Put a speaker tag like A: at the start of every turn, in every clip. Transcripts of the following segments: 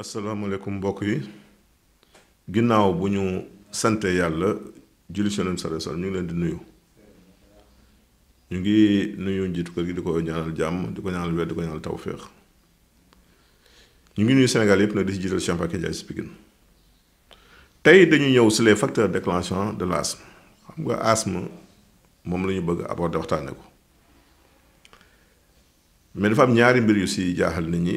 A: asalaamaaleykum mbokk yi ginnaaw bu ñu sante yàlla julli ci Yonent sallallahu ñu ngi leen di nuyu ñu ngi nuyu njiitu kër gi di ko ñaanal jàmm di ko ñaanal wér di ko ñaanal tawféex ñu ngi nuyu Sénégal yëpp nag di ci jiital Cheikh Mbacké Ndiaye tey dañu ñëw si les facteurs déclenchants de l'asthme xam nga asthme moom lañu bëgg aborder waxtaane ko mais dafa am ñaari mbir yu si jaaxal nit ñi.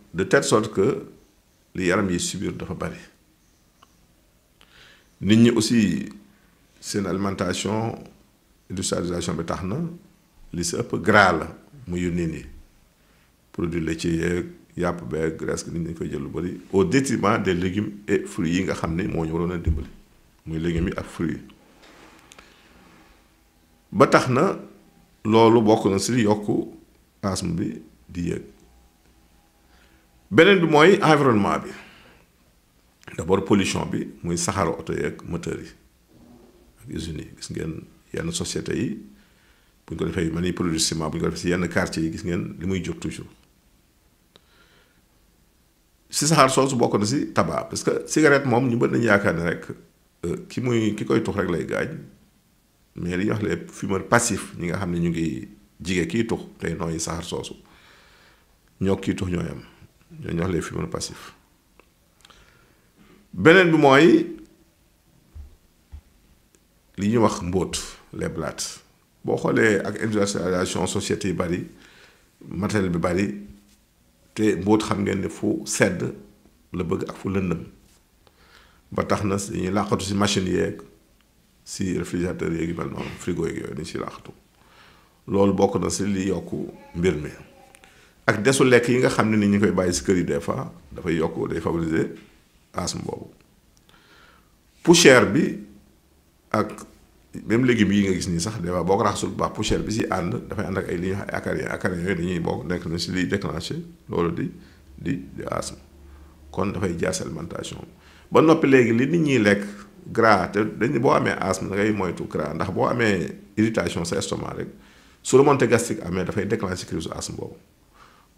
A: de telle sorte que li yaram yi subir dafa bari nit ñi aussi seen alimentation industrialisation bi tax na li si ëpp gras la mu yónnee nii produits laitiers yeeg yàpp beeg graisse nit ñi koy jël lu bari au détriment des légumes et fruits yi nga xam ne moo ñu waroon a dimbali muy légumes yi ak fruits yi ba tax na loolu bokk na si yokk asthme bi di beneen bi mooy environnement bi d'abord pollution bi muy saxaru oto yeeg moteur yi ak usine yi gis ngeen yenn société yi buñ ko defee mel ni produit ciment bu ñu ko defee si yenn quartier yi gis ngeen li muy jur toujours si saxaar soosu bokk na si tabac parce que cigarette moom ñu bëri nañu yaakaar ne rek euh, ki muy ki koy tux rek lay gaañ mais li ñuy wax les fumeurs passifs ñi nga xam ne ñu ngi jige kii tux tey nooyi saxaar soosu ñoo kii tux ñooy am ñoo ñuy wax les fumeurs passifs beneen bi mooy li ñuy wax mbóot les blattes boo xoolee ak industrialisation société yi bari matériel bi bari te mbóot xam ngeen ne fu sedd la bëgg ak fu lëndëm ba tax na dañuy làqatu si machine yeeg si réfrigérateur yeeg yu mel noonu frigo yeeg yooyu dañ si làqatu loolu bokk na si li yokk mbir mi ak desu lekk yi nga xam ne ni ñu koy bàyyi si kër yi des fois dafay yokk day favoriser asthme boobu poussière bi ak même légumes yi nga gis nii sax des fois boo ko raxasul bu baax poussière bi si ànd dafay ànd ak ay li ñuy wax ay acariens acariens yooyu dañuy bokk nekk na si liy déclenché loolu di di di asthme kon dafay jaas alimentation ba noppi léegi li nit ñiy lekk gras te dañ boo amee asthme da ngay moytu gras ndax boo amee irritation sa estomac rek su remontée gastrique amee dafay déclenché crise asthme boobu.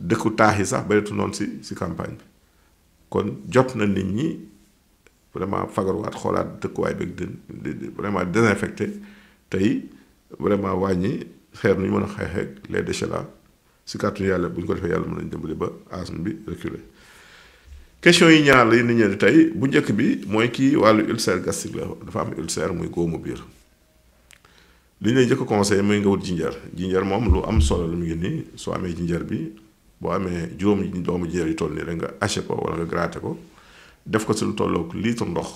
A: dëkku taax yi sax bareetu noonu si si campagne bi kon jot na nit ñi vraiment fagaruwaat xoolaat dëkkuwaay beeg di vraiment désinfecté tey vraiment wàññi xeer nu mën a xeexeeg les déchets là si kàttanu yàlla ko defee yàlla mën nañ dimbali ba asthme bi reculer question yi ñaar la nit ñi tey bu njëkk bi mooy kii wàllu ulcère gastrique la dafa am ulcère muy góomu biir li ñu jëkk njëkk conseil mooy nga wut jinjër jinjër moom lu am solo lu mu ngi nii soo amee jinjër bi boo amee juróom doomu jéer yu toll nii rek nga haché ko wala nga gratté ko def ko si lu tolloog ndox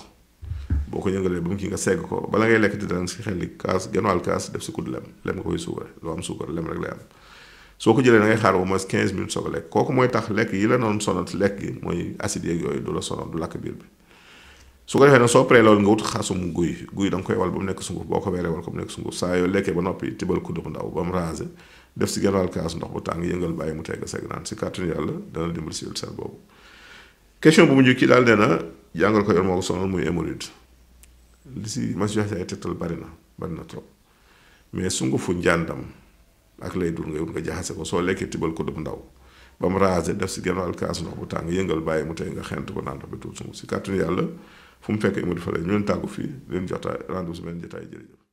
A: boo ko yëngalee ba mu kii nga segg ko bala ngay lekk di daan si xel li kaas genn wàll kaas def lem lem nga koy suukar loo am suukar lem rek lay soo ko jëlee da xaar au moins 15 minutes soo ko kooku mooy tax lekk yi la noonu sonal lekk gi mooy acide yooyu du la lakk bi su ko defee nag soo paree loolu nga guy guy da nga koy wal ba mu nekk sunguf boo ko weeree wal ko mu nekk sunguf saa yoo lekkee ba noppi tibal kudd bu ndaw ba mu raase def si genn kaas ndox bu tàng yëngal bàyyi mu tegg seg naan si kàttanu yàlla dana dimbal si ulcère boobu question bu mujj kii daal nee na jàngal ko yor moo ko sonal muy hémorroïde li si ma joxe ay tegtal bari na bari na trop mais su fu njàndam ak lay dur nga wut nga jaxase ko soo lekkee tibal ko dum ndaw ba mu raase def si genn kaas ndox bu tàng yëngal bàyyi mu tey nga xent ko naan ndox bi tuut sunguf si kàttanu yàlla fu mu fekk hémorroïde fa ñu leen fii leen jotaay rendez-vous